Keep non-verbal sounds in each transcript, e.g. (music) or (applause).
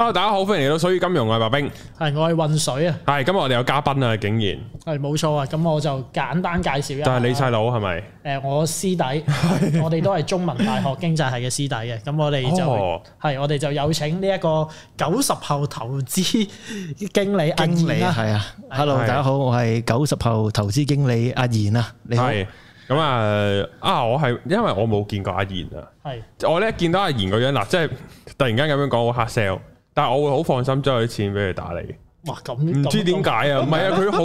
Hello，大家好，歡迎嚟到水與金融啊，白冰。係，我係混水啊。係，今日我哋有嘉賓啊，竟然。係，冇錯啊。咁我就簡單介紹一下。就係你細佬係咪？誒，我師弟，我哋都係中文大學經濟系嘅師弟嘅。咁我哋就係我哋就有請呢一個九十後投資經理阿言啊。係啊。Hello，大家好，我係九十後投資經理阿言啊。你好。咁啊，啊，我係因為我冇見過阿言啊。係。我咧見到阿言個樣嗱，即係突然間咁樣講好 hard sell。但係我會好放心將佢啲錢俾佢打理。哇，咁唔知點解啊？唔係啊，佢好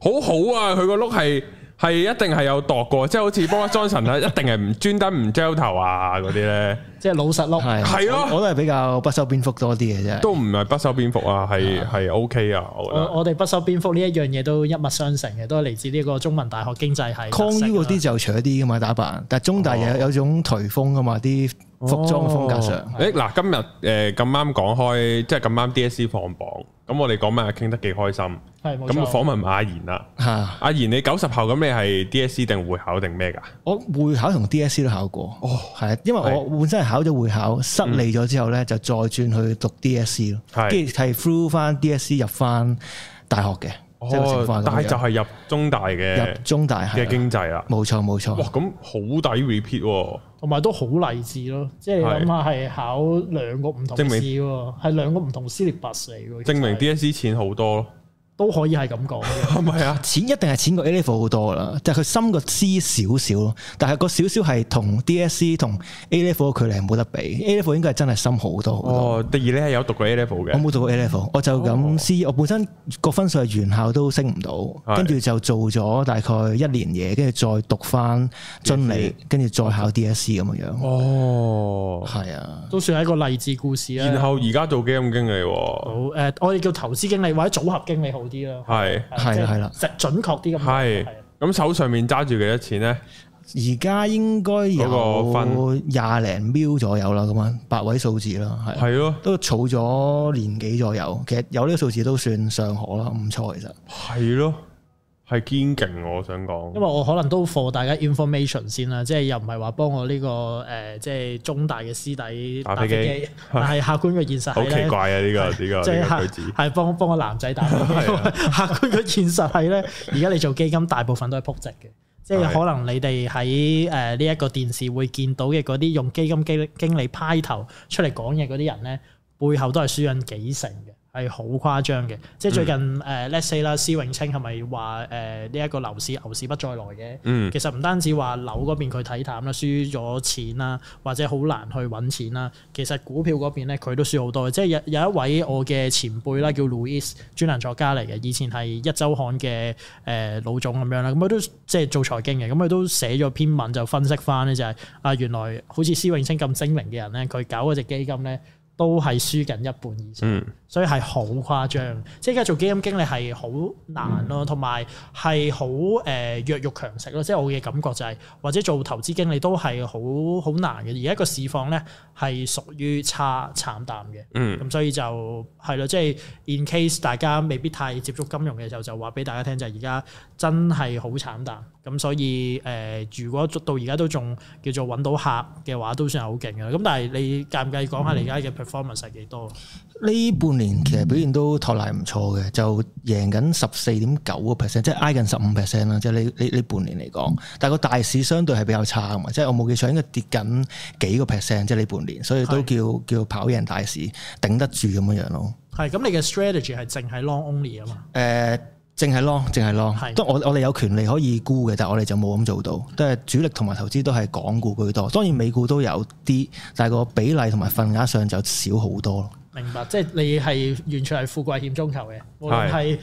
好好啊，佢個碌係係一定係有度過，即係好似波爾莊臣一定係唔 (laughs) 專登唔焦頭啊嗰啲咧。即係老實碌係。係咯是，啊、我都係比較不修邊幅多啲嘅啫。都唔係不修邊幅啊，係係 OK 啊。OK 我覺得我哋不修邊幅呢一樣嘢都一脈相承嘅，都係嚟自呢個中文大學經濟系。港 U 嗰啲就除咗啲噶嘛打扮，打扮，但係中大有、哦、有種頹風噶嘛啲。服裝嘅風格上，誒嗱、哦欸，今日誒咁啱講開，即係咁啱 D.S.C 放榜，咁我哋講咩傾得幾開心，係咁訪問下阿言啦，吓的阿言，你九十後咁你係 D.S.C 定會考定咩㗎？我會考同 D.S.C 都考過，哦，係，因為我本身係考咗會考，失利咗之後呢，就再轉去讀 D.S.C 咯的，係，跟住係 through 翻 D.S.C 入翻大學嘅。哦，但係就係入中大嘅，入中大嘅經濟啊，冇錯冇錯。錯哇，咁好抵 repeat，同埋都好勵志咯。即係諗下係考兩個唔同司力，證明係兩個唔同私立博士嘅，證明 DSE 錢好多。都可以係咁講，唔係 (laughs) 啊！淺一定係淺過 A Level 好多啦，就是，但係佢深過 C 少少咯。但係個少少係同 DSE 同 A Level 嘅距離係冇得比，A Level 應該係真係深好多好多。哦，第二你係有讀過 A Level 嘅？我冇讀過 A Level，嗯、我就咁 C、哦。我本身個分數係原校都升唔到，跟住、哦、就做咗大概一年嘢，跟住再讀翻進理，跟住 D FC? 再考 DSE 咁嘅樣。哦，係啊，都算係一個勵志故事啦。然後而家做基金經理喎、啊，好、呃、我哋叫投資經理或者組合經理好。好啲咯，係，係係啦，即係的準確啲咁。係，咁手上面揸住幾多錢咧？而家應該有個分廿零米左右啦，咁樣八位數字啦，係。係咯的，的都儲咗年幾左右，其實有呢個數字都算尚可啦，唔錯其實錯。係咯。係堅勁，我想講。因為我可能都 for 大家 information 先啦，即係又唔係話幫我呢、呢個誒、呃，即係中大嘅師弟打飛機，飛機但係客觀嘅現實 (laughs) 好奇怪啊！呢個呢個，即係係幫幫個男仔打機。 (laughs) 啊、客觀嘅現實係咧，而家你做基金大部分都係撲值嘅， (laughs) 即係可能你哋喺誒呢一個電視會見到嘅嗰啲用基金經經理派頭出嚟講嘢嗰啲人咧，背後都係輸緊幾成嘅。係好誇張嘅，即係最近誒、嗯呃、，let's say 啦，施永青係咪話誒呢一個樓市牛市不再來嘅？嗯，其實唔單止話樓嗰邊佢睇淡啦，輸咗錢啦，或者好難去揾錢啦。其實股票嗰邊咧，佢都輸好多。即係有有一位我嘅前輩啦，叫 Louis 專欄作家嚟嘅，以前係一周刊嘅誒、呃、老總咁樣啦。咁佢都即係、就是、做財經嘅，咁佢都寫咗篇文就分析返咧、就是，就係啊，原來好似施永青咁精明嘅人咧，佢搞嗰隻基金咧。都係輸緊一半以上，嗯、所以係好誇張。即係而家做基金經理係好難咯，同埋係好誒弱肉強食咯。即、就、係、係、我嘅感覺就係、係，或者做投資經理都係好好難嘅。而家個市況咧係屬於差慘淡嘅，咁、嗯、所以就係咯。即係、就係、in case 大家未必太接觸金融嘅時候，就話俾大家聽就係而家真係好慘淡。咁、嗯、所以誒、呃，如果到而家都仲叫做揾到客嘅話，都算係好勁嘅。咁但係你介唔介意講下你而家嘅 performance 係幾多？呢半年其實表現都托賴唔錯嘅，就贏緊十四點九個 percent，即係挨近十五 percent 啦。即係呢呢呢半年嚟講，但係個大市相對係比較差啊嘛。即係我冇記錯，應該跌緊幾個 percent，即係呢半年，所以都叫是叫跑贏大市，頂得住咁樣樣咯。係咁、嗯，你嘅 strategy 係淨係 long only 啊嘛。誒、呃。淨係咯，淨係咯，都我哋有權利可以沽嘅，但係我哋就冇咁做到，都係主力同埋投資都係港股居多，當然美股都有啲，但係個比例同埋份額上就少好多。明白，即係你係完全係富貴險中求嘅，無論係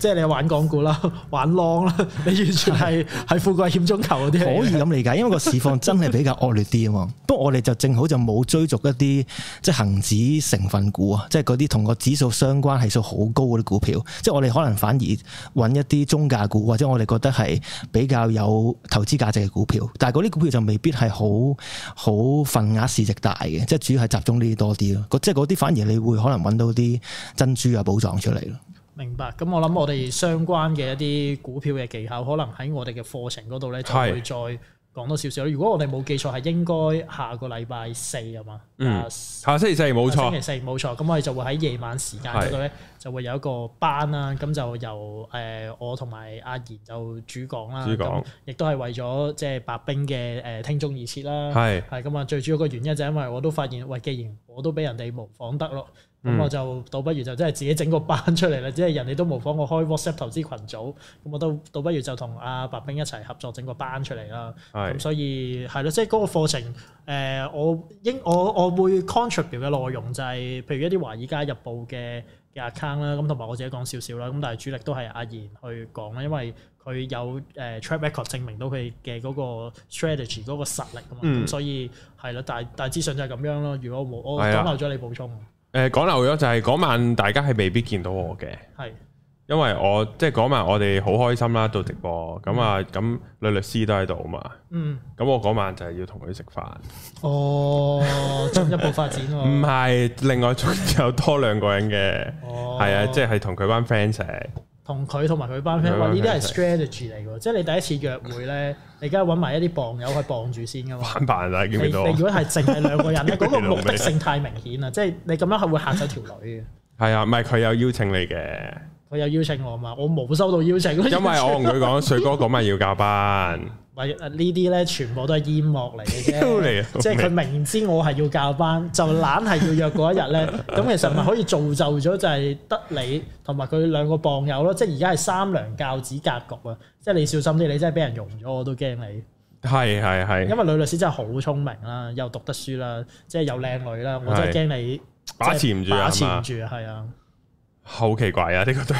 即係你玩港股啦，玩 long 啦，你完全係喺富貴險中求嗰啲。可以咁理解， (laughs) 因為個市況真係比較惡劣啲啊嘛。 (laughs) 不過我哋就正好就冇追逐一啲即係恒指成分股啊，即係嗰啲同個指數相關係數好高嗰啲股票。即係我哋可能反而揾一啲中價股，或者我哋覺得係比較有投資價值嘅股票。但係嗰啲股票就未必係好好份額市值大嘅，即係主要係集中呢啲多啲咯。即係嗰啲反而。你會可能揾到啲珍珠啊、寶藏出嚟咯。明白。咁我諗我哋相關嘅一啲股票嘅技巧，可能喺我哋嘅課程嗰度咧，就會再講多少少，如果我哋冇記錯，係應該下個禮拜四、嗯、啊嘛，下星期四冇錯，星期四冇錯，咁我哋就會喺夜晚時間嗰度咧，是就會有一個班啦，咁就由誒、呃、我同埋阿言主主講就主講啦，主、呃、講，亦都係為咗即係白兵嘅誒聽眾而設啦，係是，係咁啊，最主要個原因就係因為我都發現，喂、呃，既然我都俾人哋模仿得咯。咁、嗯、我就倒不如就真係自己整個班出嚟啦，即係人哋都模仿我開 WhatsApp 投資群組，咁我都倒不如就同阿白兵一齊合作整個班出嚟啦。咁是所以係咯，即係嗰個課程誒、呃，我應我我會 contribute 嘅內容就係、是，譬如一啲華爾街日報嘅嘅 account 啦，咁同埋我自己講少少啦，咁但係主力都係阿言去講啦，因為佢有誒 track record 證明到佢嘅嗰個 strategy 嗰個實力啊嘛，咁、嗯、所以係咯，但係但係資訊就係咁樣咯。如果我冇，我講漏咗你補充。誒，講漏咗就係嗰晚大家係未必見到我嘅，係是因為我即係嗰晚我哋好開心啦、啊、做直播咁啊，咁女律師都喺度嘛，嗯，咁我嗰晚就係要同佢食飯，哦，進 (laughs) 一步發展，唔係另外仲有多兩個人嘅，係、哦、啊，即係同佢班 friends。同佢同埋佢班 friend 話呢啲係 strategy 嚟㗎，嗯、即係你第一次約會咧，你而家揾埋一啲傍友去傍住先㗎嘛。玩伴就係咁多。你如果係淨係兩個人咧，嗰 (laughs) 知不 個目的性太明顯啦，即係你咁樣係會嚇走條女嘅。係啊，唔係佢有邀請你嘅，佢有邀請我嘛，我冇收到邀請。 (laughs) 因為我同佢講，水哥今日要教班。或者呢啲咧，全部都係煙幕嚟嘅啫，即係佢明知我係要教班，就懶係要約嗰一日咧。咁其實咪可以造就咗，就係得你同埋佢兩個傍友咯。即係而家係三娘教子格局啊！即係你小心啲，你真係俾人用咗，我都驚你。係係係。因為女律師真係好聰明啦，又讀得書啦，即係又靚女啦，我真係驚你把持唔住。把持唔住係啊，好奇怪啊！呢個對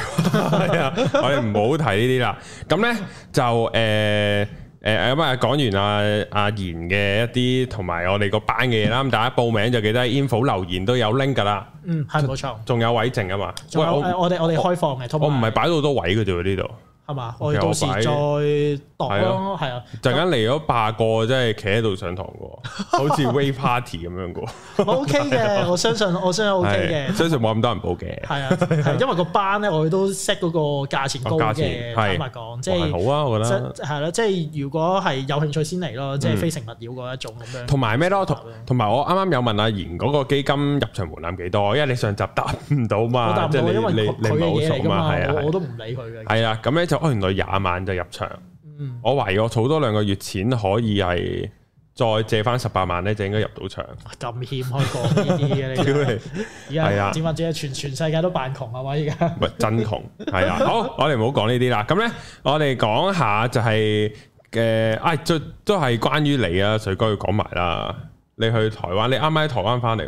話，我哋唔好提呢啲啦。咁咧就誒。誒咁啊，講完啊阿言嘅一啲同埋我哋個班嘅嘢啦，咁、嗯、大家報名就記得 info 留言都有 link 噶啦。嗯，係冇就錯，仲有位剩啊嘛。仲有喂我哋我哋我開放嘅，同我唔係有擺到好多位嘅啫喎，呢度。係嘛？我到時再度咯，係啊！陣間嚟咗八個，即係企喺度上堂嘅，好似 way party 咁樣嘅。OK 嘅，我相信我相信 OK 嘅，相信冇咁多人報嘅。係啊，係因為個班咧，我哋都 set 嗰個價錢高嘅坦白講，即係好啊，我覺得係咯，即係如果係有興趣先嚟咯，即係非誠勿擾嗰一種咁樣。同埋咩咯？同同埋我啱啱有問阿言嗰個基金入場門檻幾多？因為你上集答唔到嘛，即係你你唔係好熟嘛，我都唔理佢嘅。係啊，咁咧就。我原來廿萬就入場，嗯、我懷疑我儲多兩個月錢可以係再借翻十八萬咧，就應該入到場。咁謙開講呢啲嘅， (laughs) 而家係啊，點啊？點啊？全全世界都扮窮啊嘛！而家唔係真窮，係啊。好， (laughs) 我哋唔好講呢啲啦。咁咧，我哋講下就係、是、誒，啊、呃哎，最都係關於你啊，水哥要講埋啦。你去台灣，你啱啱喺台灣翻嚟。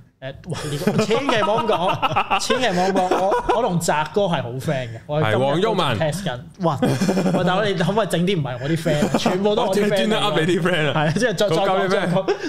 誒，千祈唔好咁講，千祈唔好咁講，我我同澤哥係好 friend 嘅。我係黃毓文 test 緊，但係我哋可唔可以整啲唔係我啲 friend，全部都啲 friend 啊，即係再再再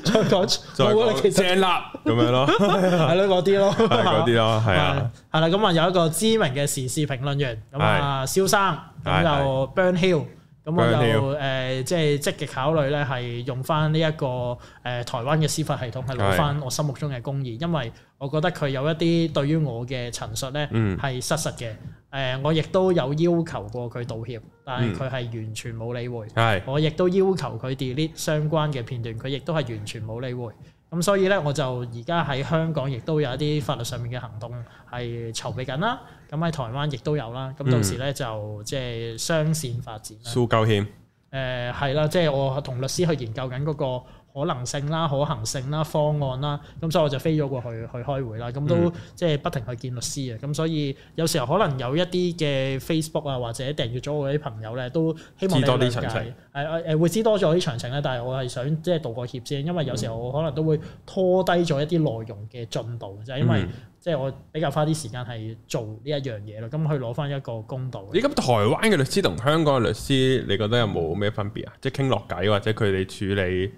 再講，正立咁樣咯，係咯嗰啲咯，嗰啲咯，係啊，係啦，咁啊有一個知名嘅時事評論員，咁啊蕭生，咁就 Burn Hill。咁我就誒、呃，即係積極考慮咧，係用翻呢一個誒、呃、台灣嘅司法系統，係攞翻我心目中嘅公義，是因為我覺得佢有一啲對於我嘅陳述咧，係、嗯、失實嘅。誒、呃，我亦都有要求過佢道歉，但係佢係完全冇理會。嗯、我亦都要求佢 delete 相關嘅片段，佢亦都係完全冇理會。咁所以咧，我就而家喺香港亦都有一啲法律上面嘅行動係籌備緊啦。咁喺台灣亦都有啦，咁到時咧就即係雙線發展。蘇鳩謙，誒、係啦，即係我同律師去研究緊、那、嗰個。可能性啦、可行性啦、方案啦，咁所以我就飛咗過去去開會啦。咁都即係不停去見律師啊。咁所以有時候可能有一啲嘅 Facebook 啊，或者訂閱咗我啲朋友咧，都希望你了解、知多啲詳情。係誒誒會知多咗啲詳情咧，但係我係想即係、就是、道個歉先，因為有時候我可能都會拖低咗一啲內容嘅進度，就係、是、因為即係、嗯、我比較花啲時間係做呢一樣嘢咯。咁去攞翻一個公道。嗯、你咁台灣嘅律師同香港嘅律師，你覺得有冇咩分別啊？即係傾落偈或者佢哋處理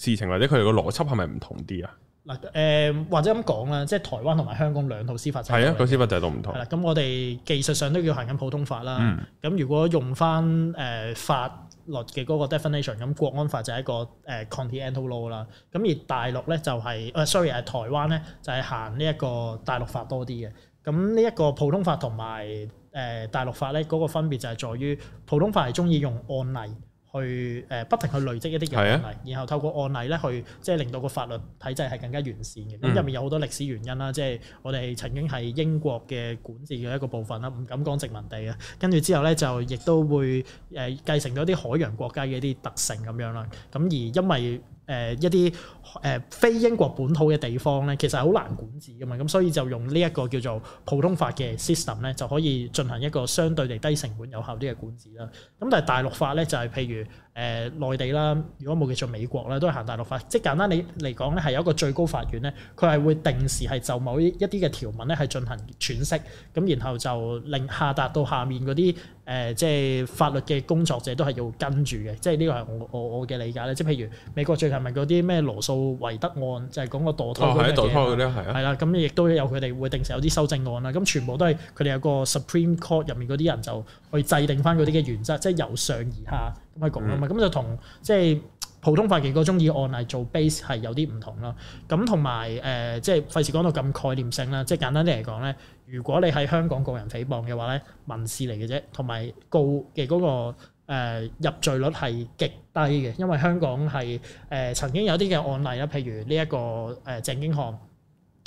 事情或者佢哋個邏輯係咪唔同啲啊？嗱、呃，誒或者咁講啦，即係台灣同埋香港兩套司法制係啊，個司法制度唔同。咁我哋技術上都要行緊普通法啦。咁、嗯、如果用翻誒法律嘅嗰個 definition，咁國安法就係一個誒 continental law 啦。咁而大陸咧就係、是、誒、呃、sorry 係台灣咧就係行呢一個大陸法多啲嘅。咁呢一個普通法同埋誒大陸法咧嗰個分別就係在於普通法係中意用案例。去誒、呃、不停去累積一啲案例，的然後透過案例咧去即係令到個法律體制係更加完善嘅。咁入、嗯、面有好多歷史原因啦，即係我哋曾經係英國嘅管治嘅一個部分啦，唔敢講殖民地啊。跟住之後咧就亦都會誒繼、呃、承咗啲海洋國家嘅一啲特性咁樣啦。咁而因為誒、呃、一啲誒、呃、非英國本土嘅地方咧，其實好難管治㗎嘛，咁所以就用呢一個叫做普通法嘅 system 咧，就可以進行一個相對地低成本有效啲嘅管治啦。咁但係大陸法咧就係、是、譬如。誒內地啦，如果冇叫做美國咧都係行大陸法，即係簡單你嚟講咧，係有一個最高法院咧，佢係會定時係就某一啲嘅條文咧係進行詮釋，咁然後就令下達到下面嗰啲誒即係法律嘅工作者都係要跟住嘅，即係呢個係我我我嘅理解咧。即係譬如美國最近咪嗰啲咩羅訴維德案，就係講個墮胎嗰係墮胎嗰啲係啊。啦、哦，咁亦都有佢哋會定時有啲修正案啦。咁全部都係佢哋有個 Supreme Court 入面嗰啲人就去制定翻嗰啲嘅原則，即係由上而下。咪講啦嘛，咁就同即係普通法嘅個中意案例做 base 係有啲唔同啦。咁同埋誒，即係費事講到咁概念性啦。即係簡單啲嚟講咧，如果你喺香港告人誹謗嘅話咧，民事嚟嘅啫，同埋告嘅嗰、嗰個誒、呃、入罪率係極低嘅，因為香港係誒、呃、曾經有啲嘅案例啦，譬如呢一個誒鄭經翰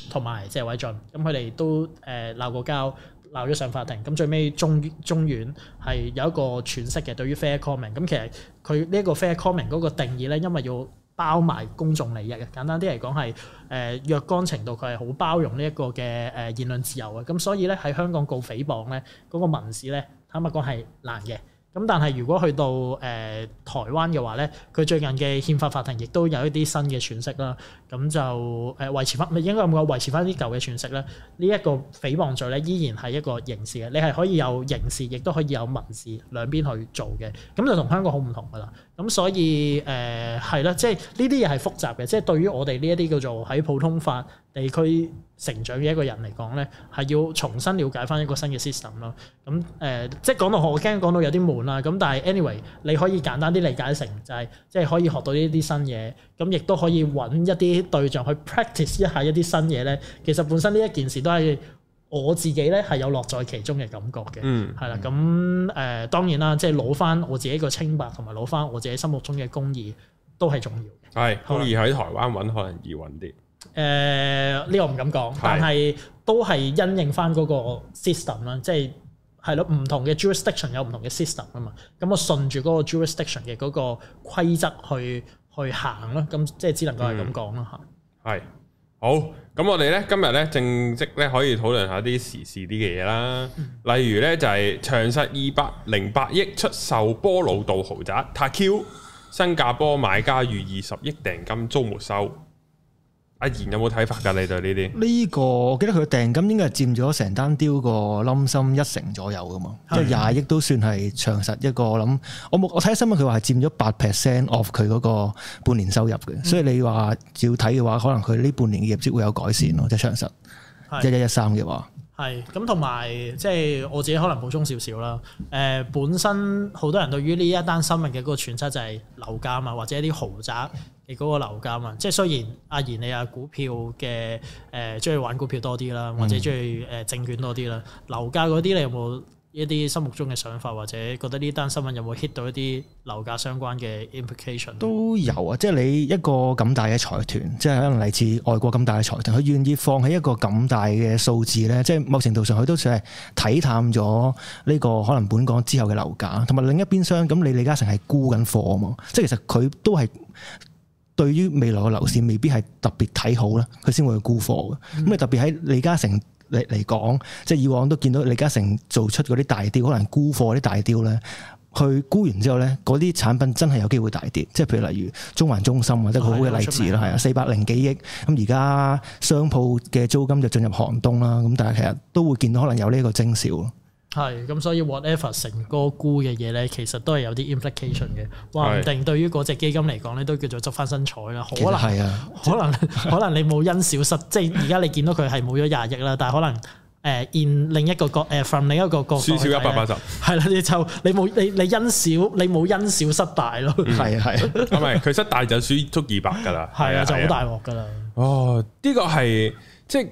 同埋謝偉俊，咁佢哋都誒鬧、呃、過交。鬧咗上法庭，咁最尾中中院係有一個喘息嘅對於 fair comment。咁其實佢呢一個 fair comment 嗰個定義咧，因為要包埋公眾利益嘅。簡單啲嚟講係誒若干程度，佢係好包容呢一個嘅誒言論自由嘅。咁所以咧喺香港告誹謗咧，嗰個民事咧，坦白講係難嘅。咁但係如果去到誒、呃、台灣嘅話咧，佢最近嘅憲法法庭亦都有一啲新嘅損失啦。咁就誒、呃、維持返，唔係應該咁講維持返啲舊嘅損失咧。呢、這、一個誹謗罪咧，依然係一個刑事嘅，你係可以有刑事，亦都可以有民事兩邊去做嘅。咁就同香港好唔同㗎啦。咁、嗯、所以誒係啦，即係呢啲嘢係複雜嘅，即係對於我哋呢一啲叫做喺普通法地區成長嘅一個人嚟講咧，係要重新了解返一個新嘅 system 咯。咁、嗯、誒、呃，即係講到我驚講到有啲悶啦。咁但係 anyway，你可以簡單啲理解成就係即係可以學到呢啲新嘢，咁亦都可以揾一啲對象去 practice 一下一啲新嘢咧。其實本身呢一件事都係。我自己咧係有樂在其中嘅感覺嘅，係啦、嗯，咁誒、呃、當然啦，即係攞翻我自己個清白同埋攞翻我自己心目中嘅公義都係重要嘅。係，公義喺台灣揾可能易揾啲。誒呢、呃呢個唔敢講，係，但係都係因應翻嗰個 system 啦，即係係咯，唔同嘅 jurisdiction 有唔同嘅 system 啊嘛，咁我順住嗰個 jurisdiction 嘅嗰個規則去去行咯，咁即係只能夠係咁講啦嚇。係、嗯。好，咁我哋呢今日呢正式呢可以討論下啲時事啲嘅嘢啦，嗯、例如呢，就係、是、長實二百零八億出售波老道豪宅，撻 Q，新加坡買家逾二十億訂金遭沒收。阿賢有冇睇法㗎？你對呢啲呢個，我記得佢嘅訂金應該係佔咗成單刁個冧心一成左右嘅嘛，即係廿億都算係長實一個。我諗我冇我睇新聞，佢話係佔咗八 percent of 佢嗰個半年收入嘅，所以你話要睇嘅話，可能佢呢半年嘅業績會有改善咯，即係長實一一一三嘅話。係，咁同埋即係我自己可能補充少少啦。誒、呃，本身好多人對於呢一單新聞嘅嗰個揣測就係樓價啊嘛，或者啲豪宅嘅嗰個樓價嘛。即係雖然阿言你啊股票嘅誒，中、呃、意玩股票多啲啦，或者中意誒證券多啲啦，嗯、樓價嗰啲你有冇？一啲心目中嘅想法，或者覺得呢單新聞有冇 hit 到一啲樓價相關嘅 implication？都有啊，即係你一個咁大嘅財團，即係可能嚟自外國咁大嘅財團，佢願意放棄一個咁大嘅數字呢？即係某程度上佢都算係睇淡咗呢個可能本港之後嘅樓價，同埋另一邊廂咁，你李嘉誠係沽緊貨啊嘛，即係其實佢都係對於未來嘅樓市未必係特別睇好啦，佢先會沽貨嘅。咁你、嗯、特別喺李嘉誠嚟嚟講，即係以往都見到李嘉誠做出嗰啲大雕，可能沽貨啲大雕咧，去沽完之後咧，嗰啲產品真係有機會大跌。即係譬如例如中環中心或者好好嘅例子啦。係啊、哦，四百零幾億，咁而家商鋪嘅租金就進入寒冬啦。咁但係其實都會見到可能有呢一個徵兆。係，咁所以 whatever 成個沽嘅嘢咧，其實都係有啲 implication 嘅。話、呃，唔定對於嗰隻基金嚟講咧，都叫做執翻身彩啦。可能，啊、可能，就可能 (laughs) 你冇因小失，即係而家你見到佢係冇咗廿億啦，但係可能誒，喺另一個角誒，from 另一個角輸少一百八十，係啦，你就你冇你你因小，你冇因小失大咯。係啊，係咪？佢失大就輸足二百噶啦。係啊，就好大鑊噶啦。 (laughs) 哦，呢、這個係即係。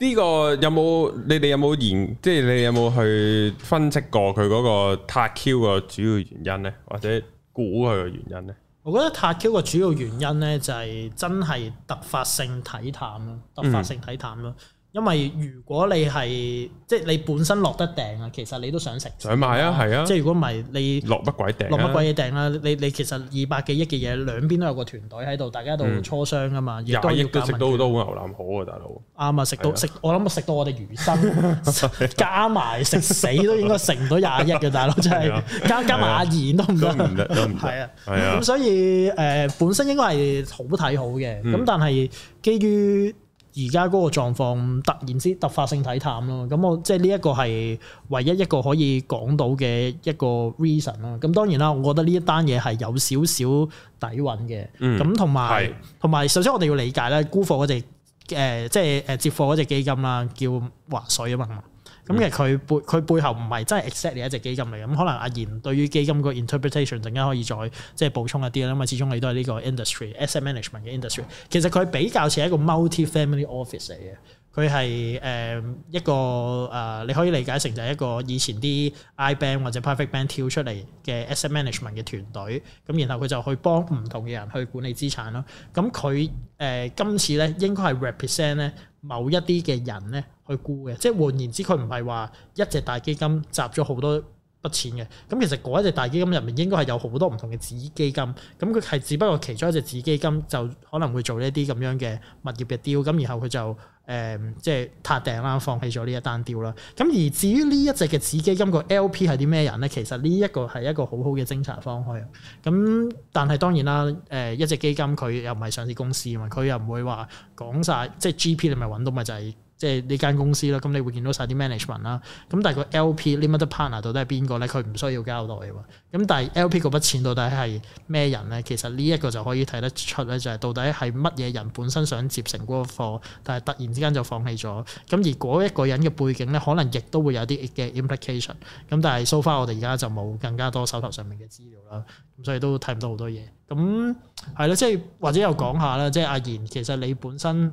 呢個有冇？你哋有冇研？即係你有冇去分析過佢嗰個撻 Q 個主要原因呢？或者估佢個原因呢？我覺得撻 Q 個主要原因呢，就係真係突發性睇淡咯，突發性睇淡咯。嗯因為如果你係即係你本身落得訂啊，其實你都想食，想買啊，係啊。即係如果唔係你落乜鬼訂，落乜鬼嘢訂啦。你你其實二百幾億嘅嘢，兩邊都有個團隊喺度，大家度磋商噶嘛，廿億都食到好多好牛腩好啊，大佬。啱啊，食到食，我諗食到我哋餘生，加埋食死都應該食唔到廿億嘅大佬，真係加加埋阿言都唔得，唔得。係啊，係啊。咁所以誒，本身應該係好睇好嘅，咁但係基於。而家嗰個狀況突然之突發性睇淡咯，咁我即係呢一個係唯一一個可以講到嘅一個 reason 啦。咁當然啦，我覺得呢一單嘢係有少少底蘊嘅。咁同埋同埋，是首先我哋要理解咧，沽貨嗰隻、呃、即係誒接貨嗰隻基金啦，叫華水啊嘛。咁、嗯、其實佢背佢背後唔係真係 exactly 一隻基金嚟嘅，咁、嗯、可能阿言對於基金個 interpretation 陣間可以再即係補充一啲啦，因為始終你都係呢個 industry asset management 嘅 industry，其實佢比較似一個 multi-family office 嚟嘅，佢係誒一個誒、呃、你可以理解成就係一個以前啲 i bank 或者 private bank 跳出嚟嘅 asset management 嘅團隊，咁、嗯、然後佢就去幫唔同嘅人去管理資產咯，咁佢誒今次咧應該係 represent 咧。某一啲嘅人咧去沽嘅，即係換言之，佢唔係話一隻大基金集咗好多筆錢嘅，咁其實嗰一隻大基金入面應該係有好多唔同嘅子基金，咁佢係只不過其中一隻子基金就可能會做呢啲咁樣嘅物業嘅 deal，咁然後佢就。誒、嗯，即係撻訂啦，放棄咗呢一單刁啦。咁而至於呢一隻嘅子基金個 LP 係啲咩人咧？其實呢一個係一個好好嘅偵查方向。咁但係當然啦，誒一隻基金佢又唔係上市公司啊嘛，佢又唔會話講晒，即係 GP 你咪揾到咪就係、是。即係呢間公司啦，咁你會見到晒啲 management 啦，咁但係個 LP limited partner 到底係邊個咧？佢唔需要交代喎。咁但係 LP 嗰筆錢到底係咩人咧？其實呢一個就可以睇得出咧，就係、是、到底係乜嘢人本身想接成嗰個貨，但係突然之間就放棄咗。咁而嗰一個人嘅背景咧，可能亦都會有啲嘅 implication。咁但係 so far 我哋而家就冇更加多手頭上面嘅資料啦，咁所以都睇唔到好多嘢。咁係咯，即係或者又講下啦，即係阿言，其實你本身。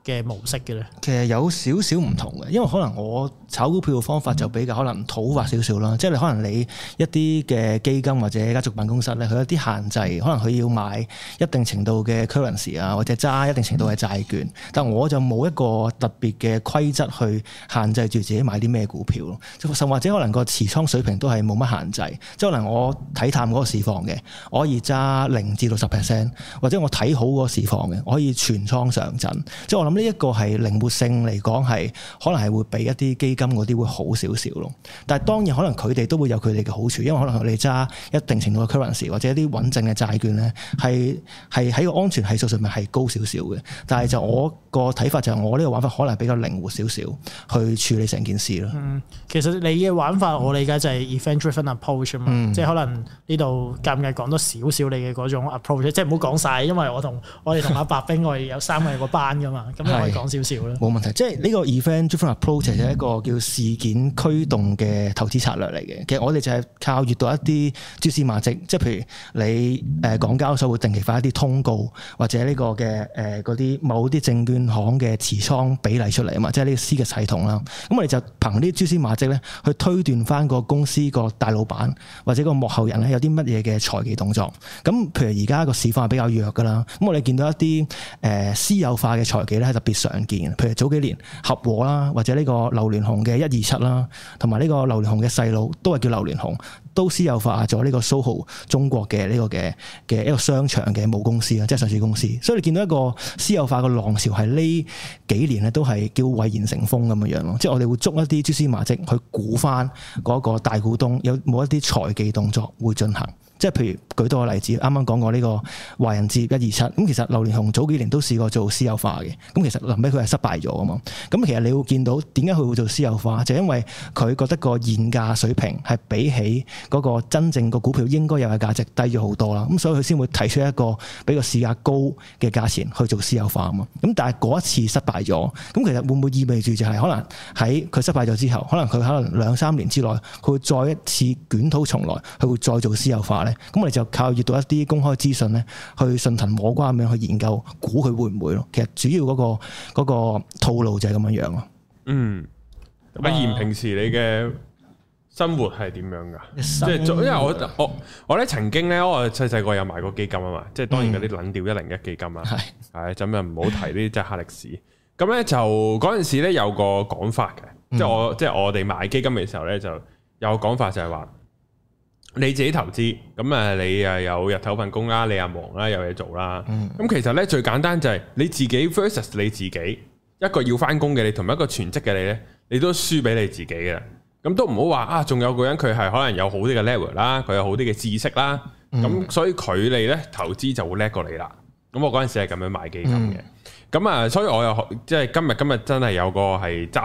嘅模式嘅咧，其實有少少唔同嘅，因為可能我炒股票嘅方法就比較可能土法少少啦，即係你可能你一啲嘅基金或者家族辦公室咧，佢有啲限制，可能佢要買一定程度嘅 currency 啊，或者揸一定程度嘅債券，嗯、但我就冇一個特別嘅規則去限制住自己買啲咩股票咯，甚或者可能個持倉水平都係冇乜限制，即係可能我睇淡嗰個市況嘅，我可以揸零至六十 percent，或者我睇好嗰個市況嘅，我可以全倉上陣。即係我咁呢一個係靈活性嚟講係，可能係會比一啲基金嗰啲會好少少咯。但係當然可能佢哋都會有佢哋嘅好處，因為可能你揸一定程度嘅 currency 或者一啲穩陣嘅債券咧，係係喺個安全係數上面係高少少嘅。但係就我個睇法就係、是，我呢個玩法可能比較靈活少少，去處理成件事咯。嗯，其實你嘅玩法我理解就係 event-driven approach 吖嘛、嗯，即係可能呢度尷尬講多少少你嘅嗰種 approach、嗯、即係唔好講晒，因為我同我哋同阿白兵，我哋有三個有個班噶嘛。 (laughs) 咁可以講少少啦。冇問題，即係呢個 event-driven approach 就係一個叫事件驅動嘅投資策略嚟嘅。其實我哋就係靠閲讀一啲蛛絲馬跡，即係譬如你誒港、呃、交所會定期發一啲通告，或者呢、這個嘅誒嗰啲某啲證券行嘅持倉比例出嚟啊嘛，即係呢個私嘅系統啦。咁我哋就憑呢啲蛛絲馬跡咧，去推斷翻個公司個大老闆或者個幕後人咧有啲乜嘢嘅財技動作。咁譬如而家個市況係比較弱噶啦，咁我哋見到一啲誒、呃、私有化嘅財技咧。特別常見，譬如早幾年合和啦，或者呢個劉鑾雄嘅一二七啦，同埋呢個劉鑾雄嘅細佬都係叫劉鑾雄，都私有化咗呢個 SOHO 中國嘅呢個嘅嘅一個商場嘅母公司啊，即係上市公司。所以你見到一個私有化嘅浪潮，係呢幾年咧都係叫蔚然成風咁樣樣咯。即係我哋會捉一啲蛛絲馬跡去估翻嗰一個大股東有冇一啲財技動作會進行。即係譬如舉多個例子，啱啱講過呢個華人置業一二七，咁其實劉鑾雄早幾年都試過做私有化嘅，咁其實臨尾佢係失敗咗啊嘛。咁其實你會見到點解佢會做私有化？就係因為佢覺得個現價水平係比起嗰個真正個股票應該有嘅價值低咗好多啦。咁所以佢先會提出一個比個市價高嘅價錢去做私有化啊嘛。咁但係嗰一次失敗咗，咁其實會唔會意味住就係可能喺佢失敗咗之後，可能佢可能兩三年之內佢會再一次捲土重來，佢會再做私有化咧？咁我哋就靠閱讀一啲公開資訊咧，去順藤摸瓜咁樣去研究，估佢會唔會咯？其實主要嗰、嗰個、嗰個套路就係咁樣樣咯。嗯，阿言平時你嘅生活係點樣噶？即係日、即係，因為我我我咧曾經咧，我細細個有買過基金啊嘛，即係當然嗰啲冷掉一零一基金啊，係係咁又唔好提呢啲即係黑歷史。咁咧 (laughs) 就嗰陣時咧有個講法嘅，即係、嗯、我即係、即係、我哋買基金嘅時候咧，就有講法就係話。你自己投資，咁啊，你啊有日頭份工啦，你啊忙啦，有嘢做啦。咁、嗯、其實咧最簡單就係你自己 versus 你自己，一個要翻工嘅你，同埋一個全職嘅你咧，你都輸俾你自己嘅。咁都唔好話啊，仲有個人佢係可能有好啲嘅 level 啦，佢有好啲嘅知識啦。咁、嗯、所以佢哋咧投資就會叻過你啦。咁我嗰陣時係咁樣買基金嘅，咁、嗯、啊，所以我又即係今日今日真係有個係揸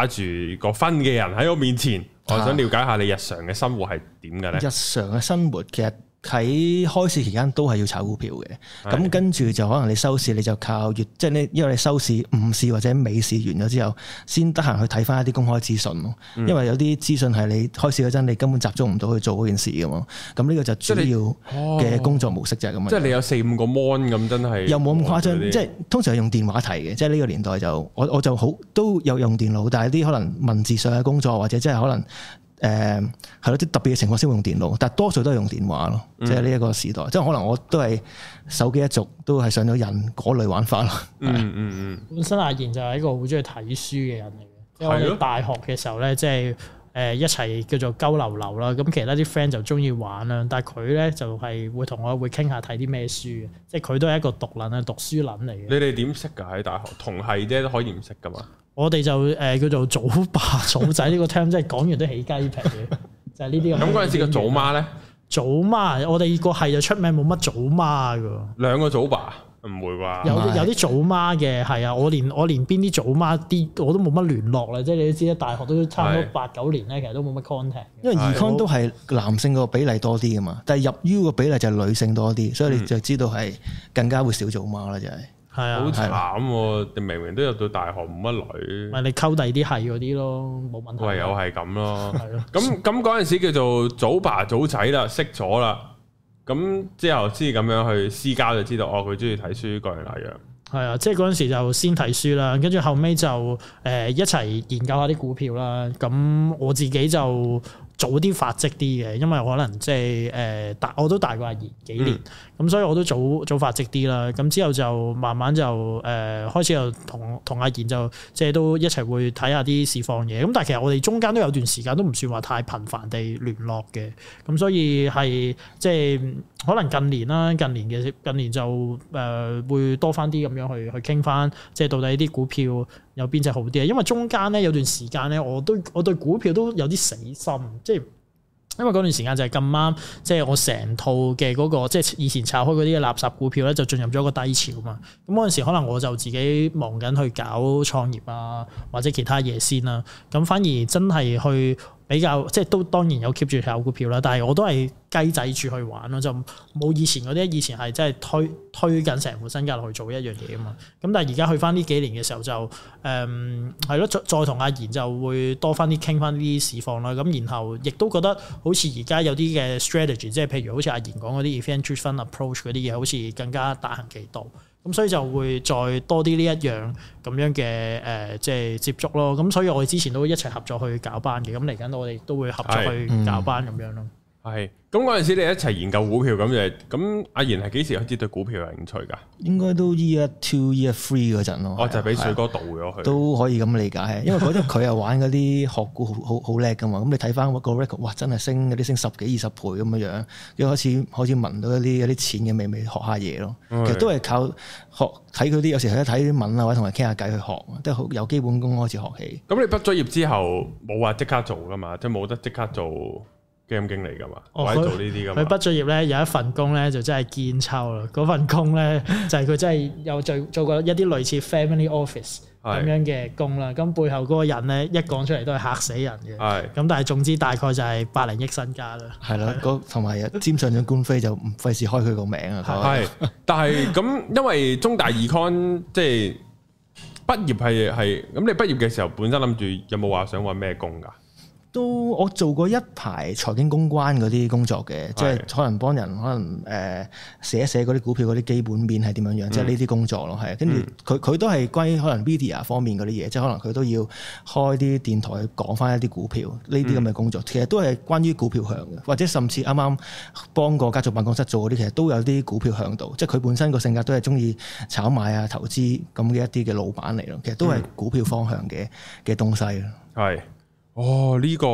住個分嘅人喺我面前，我想了解下你日常嘅生活係點嘅咧？日常嘅生活其喺開市期間都係要炒股票嘅，咁的跟住就可能你收市你就靠月，即係呢，因為你收市、午市或者美市完咗之後，先得閒去睇翻一啲公開資訊咯。嗯、因為有啲資訊係你開市嗰陣，你根本集中唔到去做嗰件事㗎嘛。咁呢、嗯、個就主要嘅工作模式、哦、就係咁樣。即係你有四五個 mon 咁，真係又冇咁誇張？即係通常係用電話睇嘅，即係呢個年代就我我就好都有用電腦，但係啲可能文字上嘅工作或者即係可能。誒係咯，即、嗯、特別嘅情況先會用電腦，但係多數都係用電話咯。即係呢一個時代，嗯、即係可能我都係手機一族，都係上咗癮嗰類玩法咯。嗯嗯嗯。本身阿賢就係一個好中意睇書嘅人嚟嘅，即係我哋大學嘅時候咧，的即係。誒一齊叫做鳩流流啦，咁其他啲 friend 就中意玩啦，但係佢咧就係、是、會同我會傾下睇啲咩書嘅，即係佢都係一個讀撚啊讀書撚嚟嘅。你哋點識㗎？喺大學同係啫，都可以唔識噶嘛。我哋就誒叫做祖爸祖仔呢個 term，即係講完都起雞皮， (laughs) 就係呢啲咁。咁嗰陣時個祖媽咧，祖媽，我哋個係就出名冇乜祖媽嘅。兩個祖爸。唔會話有啲有啲祖媽嘅係啊！我連我連邊啲祖媽啲我都冇乜聯絡啦，即係你都知啦，大學都差唔多八九年咧，的其實都冇乜 contact。因為 Econ 都係男性個比例多啲嘅嘛，但係入 U 個比例就係女性多啲，所以你就知道係更加會少祖媽啦，就係。係啊，好慘喎！你明明都入到大學冇乜女。咪你溝第啲係嗰啲咯，冇問題。唯有係咁咯。係咯。咁咁嗰陣時叫做早爸早仔啦，識咗啦。咁之後先至咁樣去私交就知道，哦，佢中意睇書，個人係樣。係啊，即係嗰陣時就先睇書啦，跟住後尾就誒、呃、一齊研究下啲股票啦。咁我自己就～早啲發跡啲嘅，因為可能即係誒大，我都大過阿言幾年，咁、嗯、所以我都早早發跡啲啦。咁之後就慢慢就誒、呃、開始又同同阿言就即係都一齊會睇下啲市況嘢。咁但係其實我哋中間都有段時間都唔算話太頻繁地聯絡嘅。咁所以係即係可能近年啦，近年嘅近年就誒、呃、會多翻啲咁樣去去傾翻，即係到底啲股票。有邊隻好啲啊？因為中間咧有段時間咧，我都我對股票都有啲死心，即係因為嗰段時間就係咁啱，即係我成套嘅嗰、嗰個即係以前炒開嗰啲嘅垃圾股票咧，就進入咗個低潮嘛。咁嗰陣時可能我就自己忙緊去搞創業啊，或者其他嘢先啦、啊。咁反而真係去，比較即係都當然有 keep 住炒股票啦，但係我都係雞仔住去玩咯，就冇以前嗰啲。以前係真係推推緊成副身家落去做一樣嘢啊嘛。咁但係而家去翻呢幾年嘅時候，就誒係咯，再再同阿言就會多翻啲傾翻啲市況啦。咁然後亦都覺得好似而家有啲嘅 strategy，即係譬如好似阿言講嗰啲 event-driven approach 嗰啲嘢，好似更加大行其道。咁所以就會再多啲呢一樣咁樣嘅誒，即係接觸咯。咁所以我哋之前都一齊合作去搞班嘅。咁嚟緊我哋都會合作去搞班咁樣咯。係咁嗰陣時，你一齊研究股票咁就，咁、嗯、阿言係幾時開始對股票有興趣噶？應該都 year two year three 嗰陣咯。哦，就俾水哥導咗佢，啊啊、都可以咁理解， (laughs) 因為覺得佢又玩嗰啲學股好好好叻噶嘛。咁你睇翻個 record，哇，真係升嗰啲升十幾二十倍咁樣樣，又開始開始聞到一啲有啲錢嘅味味，學下嘢咯。是其實都係靠學睇佢啲，有時睇啲文啊，或者同佢傾下偈去學，都好有基本功開始學起。咁你畢咗業之後冇話即刻做噶嘛，即係冇得即刻做。嗯基金經理噶嘛，我係做呢啲噶。佢畢咗業咧，有一份工咧就真係堅抽啦。嗰份工咧就係佢真係有做做過一啲類似 family office 咁樣嘅工啦。咁背後嗰個人咧一講出嚟都係嚇死人嘅。咁但係總之大概就係百零億身家啦。係啦，嗰同埋又沾上咗官非就唔費事開佢個名啊。係，但係咁因為中大 econ 即係畢業係係咁，你畢業嘅時候本身諗住有冇話想揾咩工噶？都我做過一排財經公關嗰啲工作嘅，即係可能幫人可能誒寫一寫嗰啲股票嗰啲基本面係點樣樣，即係呢啲工作咯。係跟住佢佢都係關於可能 media 方面嗰啲嘢，即係可能佢都要開啲電台講翻一啲股票呢啲咁嘅工作。其實都係關於股票向嘅，或者甚至啱啱幫個家族辦公室做嗰啲，其實都有啲股票向度。即係佢本身個性格都係中意炒買啊投資咁嘅一啲嘅老闆嚟咯。其實都係股票方向嘅嘅東西咯。嗯哦，呢，這個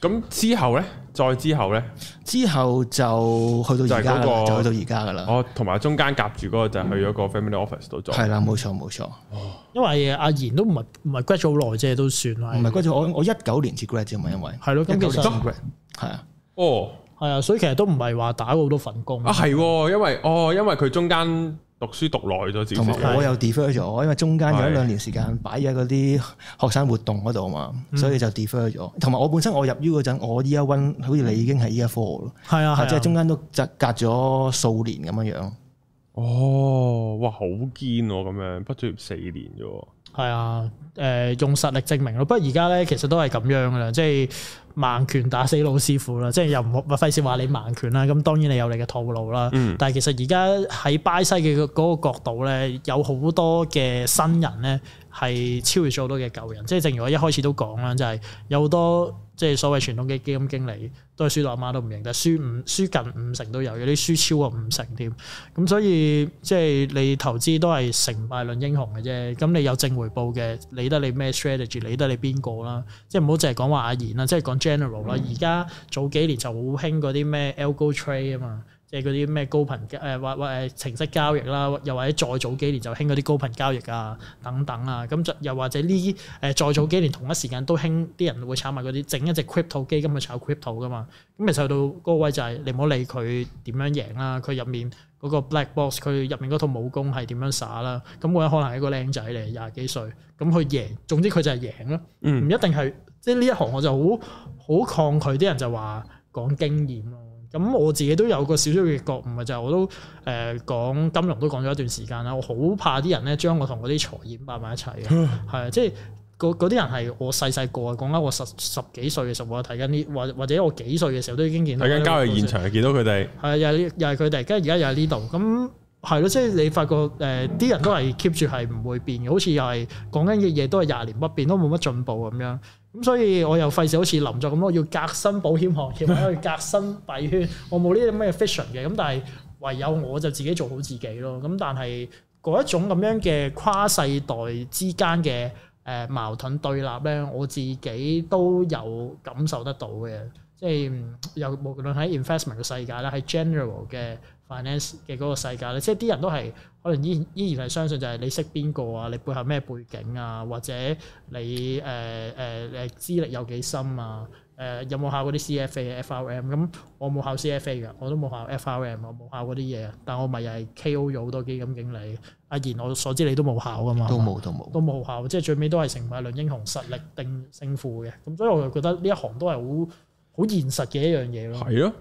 咁之後咧，再之後咧，之後就去到而家，就去、那個、到而家噶啦。哦，同埋中間夾住嗰個就去咗個 family office 度做。係啦，嗯，冇錯冇錯。哦，因為阿言都唔係唔係 grad 好耐啫，都算啦。唔係 grad, 我我一九年接 grad 咪，因為係咯，咁其實年 grad 係啊。哦，係啊，所以其實都唔係話打過好多份工啊。係，因為哦，因為佢、哦、中間。讀書讀耐咗自己，同埋我又 defer 咗，是因為中間有一兩年時間擺喺嗰啲學生活動嗰度啊嘛，是所以就 defer 咗。同埋、嗯、我本身我入 U 嗰陣，我 year one，好似你已經係 year four 咯？係啊，啊啊即係中間都隔咗數年咁樣樣。哦，哇，好堅喎！咁樣畢咗業四年啫喎。係啊。誒、呃、用實力證明咯，不過而家咧其實都係咁樣噶啦，即係盲拳打死老師傅啦，即係又唔好費事話你盲拳啦。咁當然你有你嘅套路啦，嗯、但係其實而家喺 buy side 嘅嗰個角度咧，有好多嘅新人咧係超越咗好多嘅舊人。即係正如我一開始都講啦，就係、是、有好多即係所謂傳統嘅基金經理都係輸到阿媽都唔認，但係輸五輸近五成都有，有啲輸超過五成添。咁所以即係你投資都係成敗論英雄嘅啫。咁你有正回報嘅你。理得你咩 strategy，理得你邊個啦，即係唔好淨係講話阿言啦，即係講 general 啦。而家，早幾年就好興嗰啲咩 algo trade 啊嘛。即係嗰啲咩高頻誒或或誒程式交易啦，又或者再早幾年就興嗰啲高頻交易啊等等啊，咁就又或者呢啲誒再早幾年同一時間都興，啲人會炒埋嗰啲整一隻 crypto 基金去炒 crypto 噶嘛，咁其實到嗰個位就係你唔好理佢點樣贏啦，佢入面嗰個 black box，佢入面嗰套武功係點樣耍啦，咁或者可能係個靚仔嚟，廿幾歲，咁佢贏，總之佢就係贏咯，唔一定係即係呢一行我就好好抗拒啲人就話講經驗咯。咁、嗯、我自己都有個小小嘅覺悟就就我都誒講、呃、金融都講咗一段時間啦。我好怕啲人咧將我同嗰啲財演擺埋一齊嘅，係 (laughs) 即係嗰啲人係我細細個講緊，我十十幾歲嘅時候我睇緊啲，或者我幾歲嘅時候都已經見睇緊交易現場見到佢哋，係又係又係佢哋，跟而家又係呢度，咁係咯，即係你發覺誒啲、呃、人都係 keep 住係唔會變嘅，好似又係講緊嘅嘢都係廿年不變，都冇乜進步咁樣。咁所以我又費事好似林作咁咯，要革新保險行業，要革新幣圈，我冇呢啲咁嘅 fashion 嘅。咁但係唯有我就自己做好自己咯。咁但係嗰一種咁樣嘅跨世代之間嘅誒矛盾對立咧，我自己都有感受得到嘅。即係又無論喺 investment 嘅世界啦，喺 general 嘅。Finance 嘅嗰個世界咧，即係啲人都係可能依依然係相信就係你識邊個啊，你背後咩背景啊，或者你誒誒誒資歷有幾深啊，誒、呃、有冇考嗰啲 CFA、FRM？咁我冇考 CFA 嘅，我都冇考 FRM，我冇考嗰啲嘢啊。但我咪又係 KO 咗好多基金經理。阿、啊、言，我所知你都冇考㗎嘛？都冇，都冇，都冇考。即係最尾都係成敗論英雄實力定勝負嘅。咁所以我又覺得呢一行都係好好現實嘅一樣嘢咯。係啊，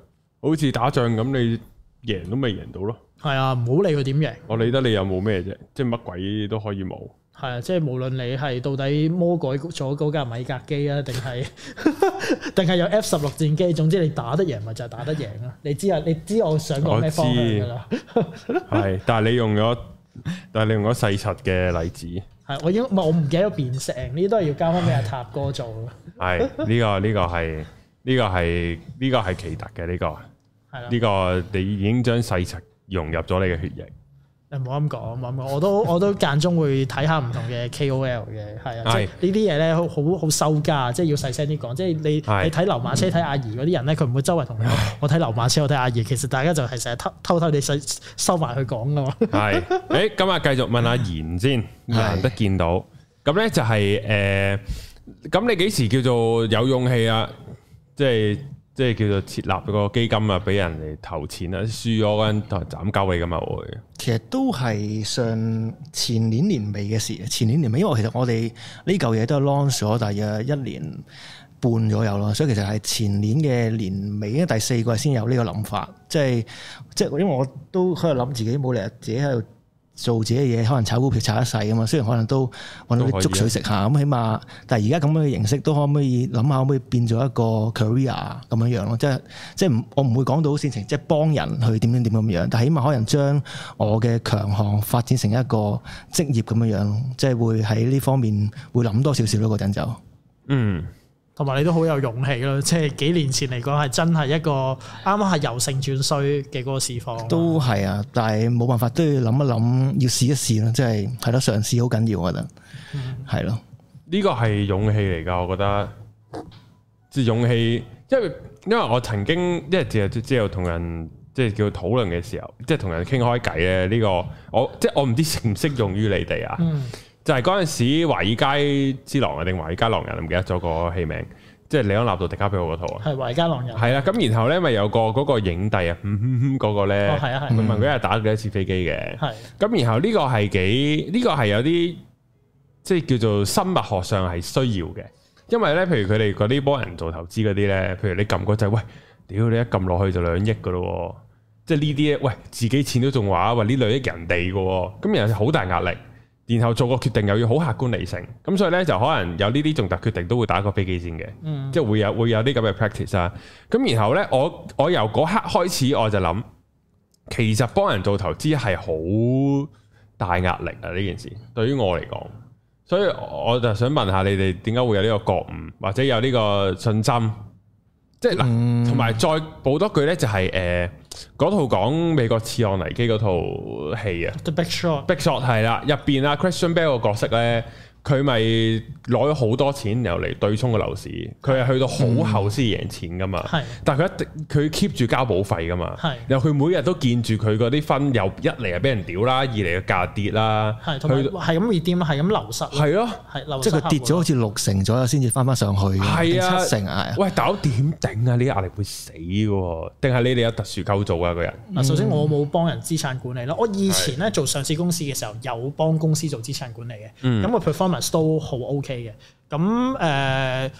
好似打仗咁你。贏都未贏到咯。係啊，唔好理佢點贏。我理得你有冇咩啫，即係乜鬼都可以冇。係啊，即係無論你係到底魔改咗嗰架米格機啊，定係定係有 F 十六戰機，總之你打得贏咪就係打得贏啊。你知啊，你知我想講咩方向噶啦。係， (laughs) 但係你用咗，但係你用咗細實嘅例子。係，我已經唔係我唔記得咗變成呢啲都係要交翻俾阿塔哥做。係呢、這個呢、這個係呢、這個係呢、這個係、這個這個、奇特嘅呢、這個的的。這個係啦，呢個你已經將細節融入咗你嘅血液。誒，唔好咁講，唔好咁講，我都我都間中會睇下唔同嘅 KOL 嘅，係啊，即係呢啲嘢咧好好好收家，即係要細聲啲講。即係你你睇流馬車睇阿儀嗰啲人咧，佢唔會周圍同你，我睇流馬車，我睇阿儀，其實大家就係成日偷偷偷地想收埋去講噶嘛。係，誒，咁啊，繼續問阿言先，難得見到。咁咧就係誒，咁你幾時叫做有勇氣啊？即係。即係叫做設立個基金啊，俾人嚟投錢啊，輸咗跟就咁交你㗎嘛會。其實都係上前年年尾嘅事，前年年尾，因為其實我哋呢嚿嘢都係 launch 咗大約一年半左右啦，所以其實係前年嘅年尾第四季先有呢個諗法，即係即係因為我都喺度諗自己冇理由，自己喺度。做自己嘅嘢，可能炒股票炒一世吖嘛，雖然可能都揾到啲粥水食下，咁起碼。但係而家咁樣嘅形式，都可唔可以諗下可唔可以變做一個 career 咁樣樣咯？即係即係唔我唔會講到好煽情，即係幫人去點點點咁樣。但係起碼可能將我嘅強項發展成一個職業咁樣樣即係會喺呢方面會諗多少少咯。嗰陣就嗯。同埋你都好有勇氣咯，即係幾年前嚟講係真係一個啱啱係由盛轉衰嘅嗰個時況。都係啊，但係冇辦法都要諗一諗，要試一試咯，即係係咯，嘗試好緊要，嗯咯，我覺得。係咯，呢個係勇氣嚟㗎，我覺得。即係勇氣，因為因為我曾經即係之後同人即係，即係，叫討論嘅時候，即係同人傾開偈啊。呢，呢個我即係，即係，我唔知適唔適用於你哋啊。嗯就係嗰陣時《華爾街之狼》啊，定《華爾街狼人》啊，唔記得咗個戲名。即係李安納度迪卡比奧嗰套啊，係《華爾街狼人》。係啦，咁然後咧，咪有個嗰個影帝啊，嗰、嗯嗯嗰個咧，問佢、哦、一日打幾多次飛機嘅。係的。咁然後呢個係幾？呢、這個係有啲即係叫做生物學上係需要嘅。因為咧，譬如佢哋嗰啲幫人做投資嗰啲咧，譬如你撳個掣，喂，屌你一撳落去就兩億噶咯，即係呢啲喂自己錢都仲話，喂，呢兩億人哋嘅，咁然後好大壓力。然後做個決定又要好客觀理性，咁所以呢，就可能有呢啲重大決定都會打個飛機先嘅，嗯、即係會有會有啲咁嘅 practice 啊。咁然後呢，我我由嗰刻開始我就諗，其實幫人做投資係好大壓力啊，呢件事對於我嚟講，所以我就想問下你哋點解會有呢個覺悟或者有呢個信心？即係嗱，同埋、嗯、再補多句咧、就是，就係誒嗰套講美國次按危機嗰套戲啊，《The Big Short》，Big Short 係啦，入邊啊 Christian Bale 個角色咧。佢咪攞咗好多錢，又嚟對沖個樓市。佢係去到好後先贏錢噶嘛。嗯、但係佢一定佢 keep 住交保費噶嘛。係，然後佢每日都見住佢嗰啲分，又一嚟就俾人屌啦，二嚟個價跌啦。係，咁易跌咯，係咁流失。係咯，即係佢跌咗好似六成左右先至翻翻上去。係啊，七成係、啊。喂，搞點頂啊！呢啲壓力會死喎、啊。定係你哋有特殊構造啊？個人。嗯、首先我冇幫人資產管理咯。我以前咧做上市公司嘅時候，有幫公司做資產管理嘅。咁個、嗯嗯都好 OK 嘅，咁誒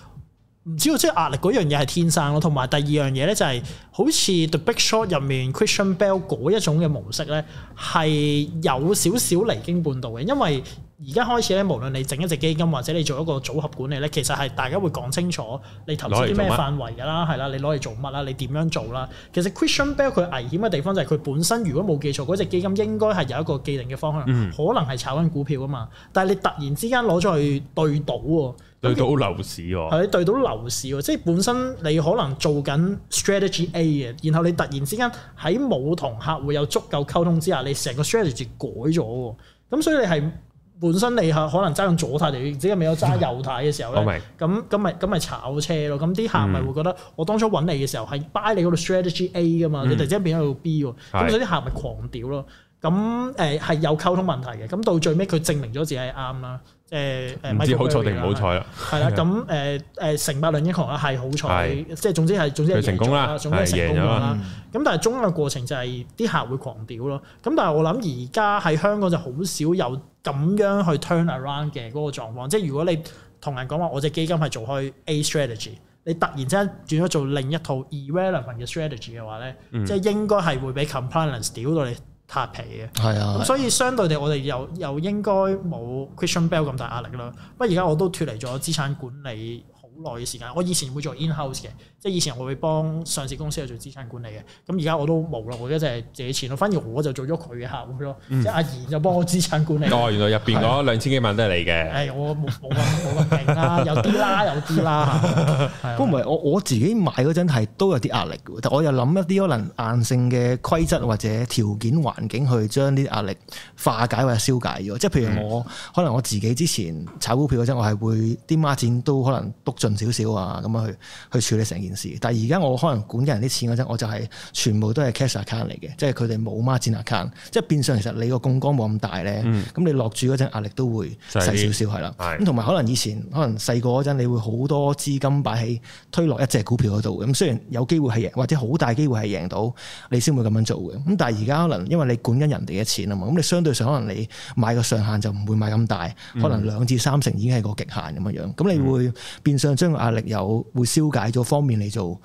唔知道即係壓力嗰樣嘢係天生咯，同埋第二樣嘢咧就係、是、好似 The Big Short 入面 Christian Bale 嗰一種嘅模式咧，係有少少離經叛道嘅，因為。而家開始咧，無論你整一隻基金，或者你做一個組合管理咧，其實係大家會講清楚你投資啲咩範圍噶啦，係啦，你攞嚟做乜啦，你點樣做啦？其實 Christian Bale 佢危險嘅地方就係佢本身如果冇記錯嗰隻基金應該係有一個既定嘅方向，嗯、可能係炒緊股票啊嘛。但係你突然之間攞咗去對賭喎，對賭、嗯、樓市喎、啊，你對到樓市喎，即係本身你可能做緊 strategy A 嘅，然後你突然之間喺冇同客戶有足夠溝通之下，你成個 strategy 改咗喎，咁所以你係。本身你係可能揸緊左軚嚟，只係未有揸右軚嘅時候咧，咁咁咪咁咪炒車咯。咁啲客咪會覺得我當初揾你嘅時候係 buy 你個 strategy A 噶嘛，你、嗯、突然之間變咗做 B 喎，咁、嗯、所以啲客咪狂屌咯。咁誒係有溝通問題嘅，咁到最尾佢證明咗自己係啱啦。誒唔知好彩定唔好彩啦，係啦。咁誒誒成百兩英雄係好彩，即係的總之係總之佢成功啦，總之成功啦。咁、嗯、但係中嘅過程就係啲客會狂屌咯。咁但係我諗而家喺香港就好少有。咁樣去 turn around 嘅嗰個狀況，即係如果你同人講話我隻基金係做開 A strategy，你突然之間轉咗做另一套 irrelevant 嘅 strategy 嘅話咧，嗯、即係應該係會俾 compliance 屌到你塌皮嘅。係啊、嗯，所以相對地我，我哋又又應該冇 question bell 咁大壓力啦。不過而家我都脫離咗資產管理。好耐嘅時間，我以前會做 in-house 嘅，即係以前我會幫上市公司去做資產管理嘅。咁而家我都冇啦，我而家就係借錢咯。反而我就做咗佢嘅客戶咯，嗯、即係阿言就幫我資產管理。嗯哦、原來入邊嗰兩千幾萬都係你嘅。我冇冇咁冇咁勁啦，有啲啦，有啲啦。不唔係，我我自己買嗰陣係都有啲壓力，但我又諗一啲可能硬性嘅規則或者條件環境去將啲壓力化解或者消解咗。即、就、係、是、譬如我、嗯、如我可能我自己之前炒股票嗰陣，我係會啲孖展都可能獨，少少啊，咁樣去去處理成件事。但係而家我可能管緊人啲錢嗰陣，我就係全部都係 cash account 嚟嘅，即係佢哋冇孖展 account，即係變相其實你個槓桿冇咁大咧。咁、嗯、你落住嗰陣壓力都會細少少係啦。咁同埋可能以前可能細個嗰陣，你會好多資金擺喺推落一隻股票嗰度。咁雖然有機會係贏，或者好大機會係贏到，你先會咁樣做嘅。咁但係而家可能因為你管緊人哋嘅錢啊嘛，咁你相對上可能你買個上限就唔會買咁大，嗯、可能兩至三成已經係個極限咁樣樣。咁你會變相。將壓力有會消解咗方面嚟做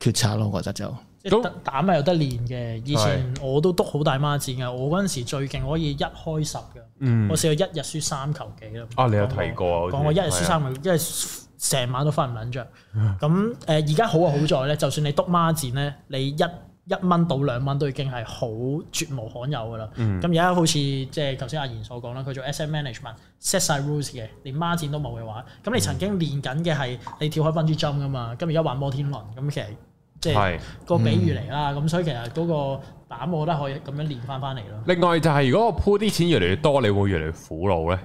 決策咯，我覺得就即係都，膽係有得練嘅。以前我都督好大孖展嘅，我嗰陣時最勁可以一開十嘅。嗯、我試過一日輸三球幾啦。啊，你有睇過啊？講我一日輸三球，即係成晚都瞓唔撚着。咁誒是、啊，而、呃、家好啊，好在咧，就算你督孖展咧，你一。一蚊到兩蚊都已經係好絕無罕有㗎啦。咁而家好似即係頭先阿賢所講啦，佢做 asset management set 曬 rules 嘅，連孖展都冇嘅話，咁你曾經練緊嘅係你跳開蹦支針㗎嘛？咁而家玩摩天輪，咁其實即係個比喻嚟啦。咁、嗯、所以其實嗰個膽我覺得可以咁樣練翻翻嚟咯。另外就係如果我鋪啲錢越嚟越多，你會越嚟越苦惱咧？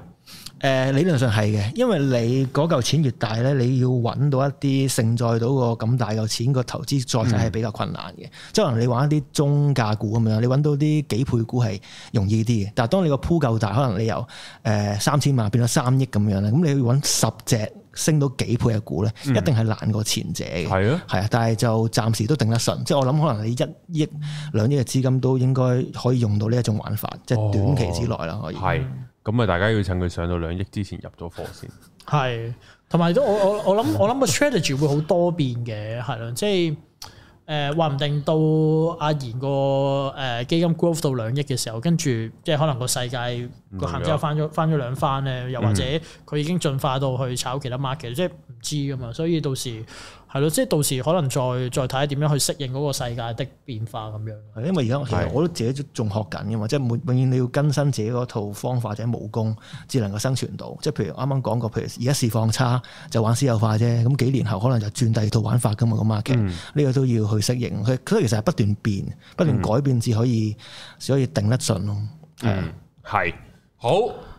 誒，理論上係嘅，因為你嗰嚿錢越大咧，你要揾到一啲盛載到個咁大嚿錢個投資載體係比較困難嘅。即係可能你玩一啲中價股咁樣，你揾到啲幾倍股係容易啲嘅。但係當你個鋪夠大，可能你由誒三千萬變咗三億咁樣咧，咁你要揾十隻升到幾倍嘅股咧，嗯、一定係難過前者嘅。係咯的，係啊，但係就暫時都頂得順。即係我諗，可能你一億兩億嘅資金都應該可以用到呢一種玩法，即係短期之內啦，可以、哦。係。咁啊，大家要趁佢上到兩億之前入咗貨先。係，同埋都我我我諗我諗個 strategy 會好多變嘅，係咯，即係誒話唔定到阿言個誒、呃、基金 growth 到兩億嘅時候，跟住即係可能個世界個行之後翻咗翻咗兩番咧，又或者佢已經進化到去炒其他 market、嗯、哼即係唔知噶嘛，所以到時。係咯，即係到時可能再再睇下點樣去適應嗰個世界的變化咁樣。因為而家其實我都自己仲學緊嘅嘛，的即係永永遠你要更新自己嗰套方法或者、就是、武功，先能夠生存到。即係譬如啱啱講過，譬如而家市放差就玩私有化啫，咁幾年後可能就轉第二套玩法噶嘛，咁啊嘅。呢、嗯、個都要去適應，佢佢其實係不斷變、不斷改變，至可以先、嗯、可以頂得順咯。係、嗯、好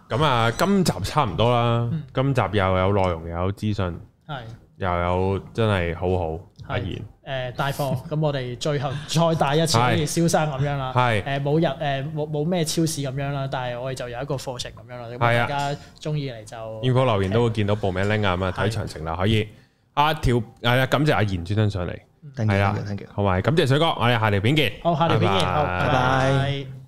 咁啊，今集差唔多啦。嗯、今集又有內容有資訊，又有資訊，係。又有真係好好阿言，誒帶貨，咁我哋最後再帶一次，可以消散咁樣啦。係誒冇入誒冇冇咩超市咁樣啦，但係我哋就有一個課程咁樣啦。咁大家中意嚟就。如果留言都會見到報名 link 啊，睇詳情啦，可以。阿條係啊，感謝阿言專登上嚟。係啊，thank you，好埋，感謝水哥，我哋下條片見。好，下條片見，好，拜拜。